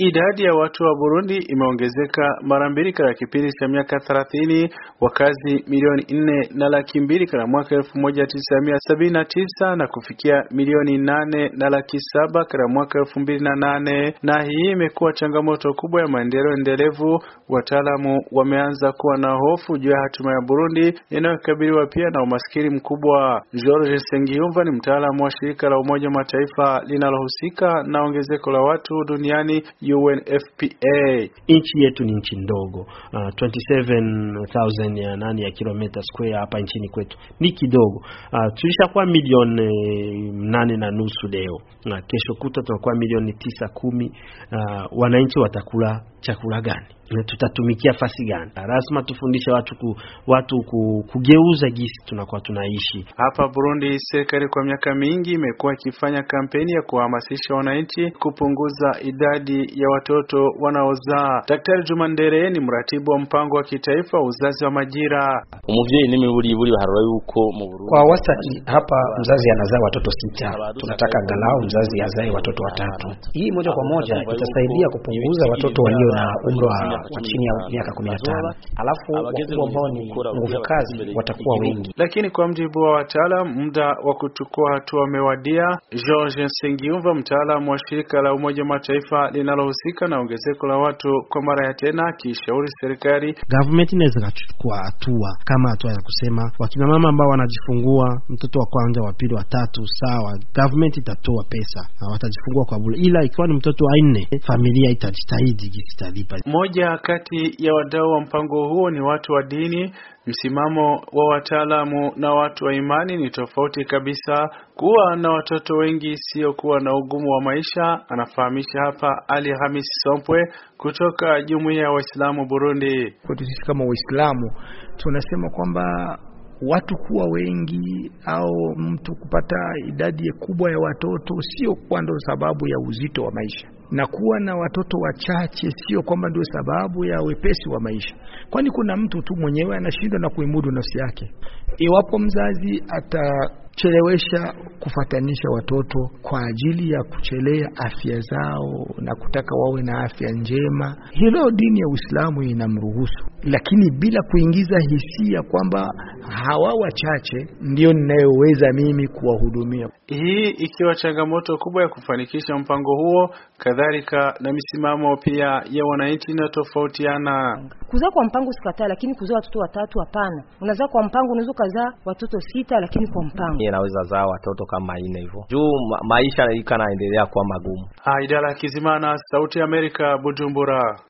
Idadi ya watu wa Burundi imeongezeka mara mbili katika kipindi cha miaka 30, wakazi milioni nne na laki mbili katika mwaka 1979 na kufikia milioni nane na laki saba katika mwaka 2008, na hii imekuwa changamoto kubwa ya maendeleo endelevu. Wataalamu wameanza kuwa na hofu juu ya hatima ya Burundi inayokabiliwa pia na umaskini mkubwa. George Sengiyumva ni mtaalamu wa shirika la Umoja wa Mataifa linalohusika na ongezeko la watu duniani UNFPA. Nchi yetu ni nchi ndogo uh, 27000 ya nani ya kilomita square hapa nchini kwetu ni kidogo. Uh, tulishakuwa milioni mm, nane na nusu leo, uh, kesho kuta tutakuwa milioni tisa kumi. Uh, wananchi watakula chakula gani na tutatumikia fasi gani. Lazima tufundishe watu ku, watu ku, kugeuza gisi tunakuwa tunaishi hapa Burundi. Serikali kwa miaka mingi imekuwa ikifanya kampeni ya kuhamasisha wananchi kupunguza idadi ya watoto wanaozaa. Daktari Juma Ndere ni mratibu wa mpango wa kitaifa uzazi wa majira. Kwa wasati hapa mzazi anazaa watoto sita, tunataka angalau mzazi azae watoto watatu. Hii moja kwa moja itasaidia kupunguza watoto walio walio na umri wa chini ya miaka 15, alafu wakubwa ambao ni nguvu kazi watakuwa wengi. Lakini kwa mjibu wa wataalam, muda wa kuchukua hatua umewadia. George Nsengiumva, mtaalamu wa shirika la Umoja Mataifa linalohusika na ongezeko la watu, kwa mara ya tena akishauri serikali, government inaweza kuchukua hatua kama hatua ya kusema wakina mama ambao wanajifungua mtoto wa kwanza, wa pili, wa tatu, sawa, government itatoa pesa na watajifungua kwa bure, ila ikiwa ni mtoto wa nne, familia itajitahidi itavipa. Moja kati ya wadau wa mpango huo ni watu wa dini. Msimamo wa wataalamu na watu wa imani ni tofauti kabisa. Kuwa na watoto wengi sio kuwa na ugumu wa maisha, anafahamisha hapa Ali Hamis Sompwe kutoka Jumuiya ya Waislamu Burundi. Kwetu sisi kama Waislamu tunasema kwamba watu kuwa wengi au mtu kupata idadi kubwa ya watoto sio ndo sababu ya uzito wa maisha na kuwa na watoto wachache sio kwamba ndio sababu ya wepesi wa maisha, kwani kuna mtu tu mwenyewe anashindwa na kuimudu nafsi yake. Iwapo mzazi atachelewesha kufatanisha watoto kwa ajili ya kuchelea afya zao na kutaka wawe na afya njema, hilo dini ya Uislamu inamruhusu, lakini bila kuingiza hisia kwamba hawa wachache ndiyo ninayoweza mimi kuwahudumia. Hii ikiwa changamoto kubwa ya kufanikisha mpango huo, kadhalika na misimamo pia ya wananchi inatofautiana Kuzaa kwa mpango sikataa, lakini kuzaa watoto watatu hapana. Unazaa kwa mpango, unaweza wazaa watoto sita, lakini kwa mpango inaweza zaa watoto kama nne hivyo, juu ma maisha ikanaendelea kuwa magumu. Ah, ya Kizimana, Sauti ya Amerika, Bujumbura.